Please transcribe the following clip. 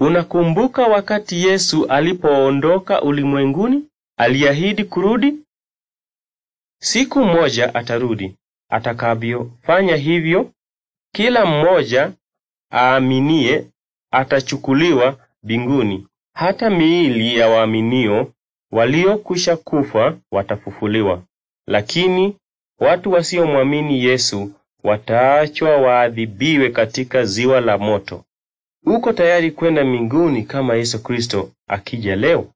Unakumbuka wakati Yesu alipoondoka ulimwenguni, aliahidi kurudi? Siku moja atarudi. Atakavyofanya hivyo, kila mmoja aaminie atachukuliwa binguni Hata miili ya waaminio waliokwisha kufa watafufuliwa. Lakini watu wasiomwamini Yesu wataachwa waadhibiwe katika ziwa la moto. Uko tayari kwenda mbinguni kama Yesu Kristo akija leo?